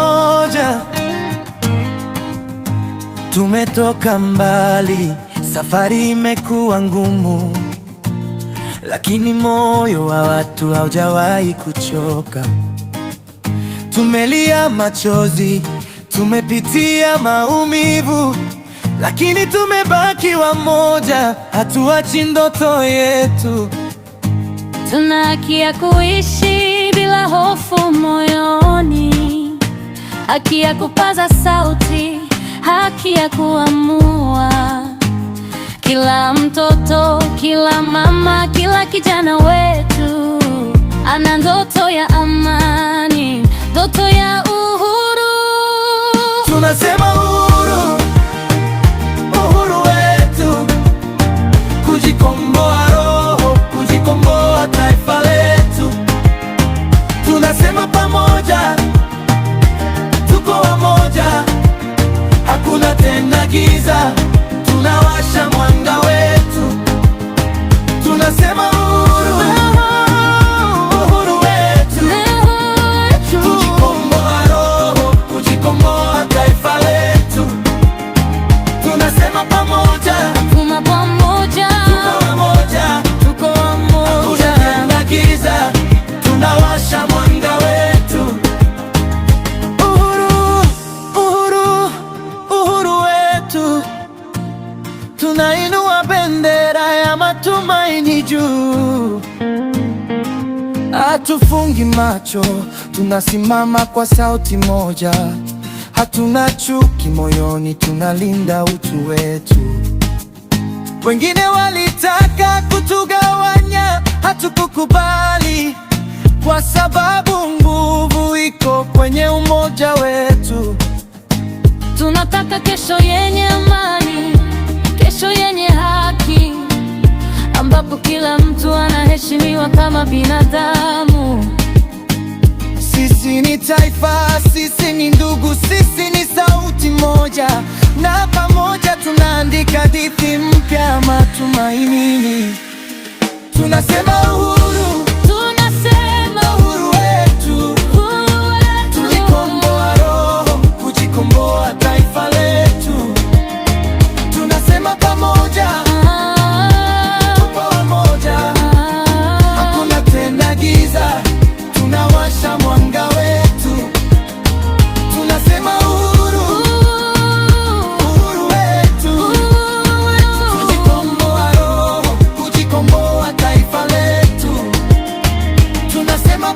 moja tumetoka mbali, safari imekuwa ngumu, lakini moyo wa watu haujawahi kuchoka. Tumelia machozi, tumepitia maumivu, lakini tumebaki wamoja, hatuachi ndoto yetu. Tuna haki ya kuishi bila hofu moja haki ya kupaza sauti, haki ya kuamua. Kila mtoto, kila mama, kila kijana wetu ana ndoto ya amani, ndoto ya uhuru, tunasema tu, tunainua bendera ya matumaini juu, hatufungi macho, tunasimama kwa sauti moja, hatuna chuki moyoni, tunalinda utu wetu. Wengine walitaka kutugawanya, hatukukubali kwa sababu nguvu iko kwenye umoja wetu. Tunataka kesho yetu kama binadamu. Sisi ni taifa, sisi ni ndugu, sisi ni sauti moja, na pamoja tunaandika hadithi mpya matumaini. Tunasema uhuru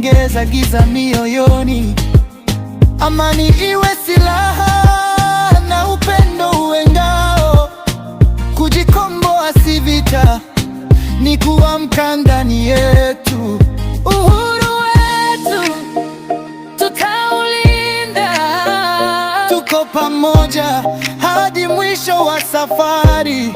kuongeza giza mioyoni. Amani iwe silaha na upendo uwe ngao, kujikomboa si vita, ni kuamka ndani yetu. Uhuru wetu tutaulinda, tuko pamoja hadi mwisho wa safari.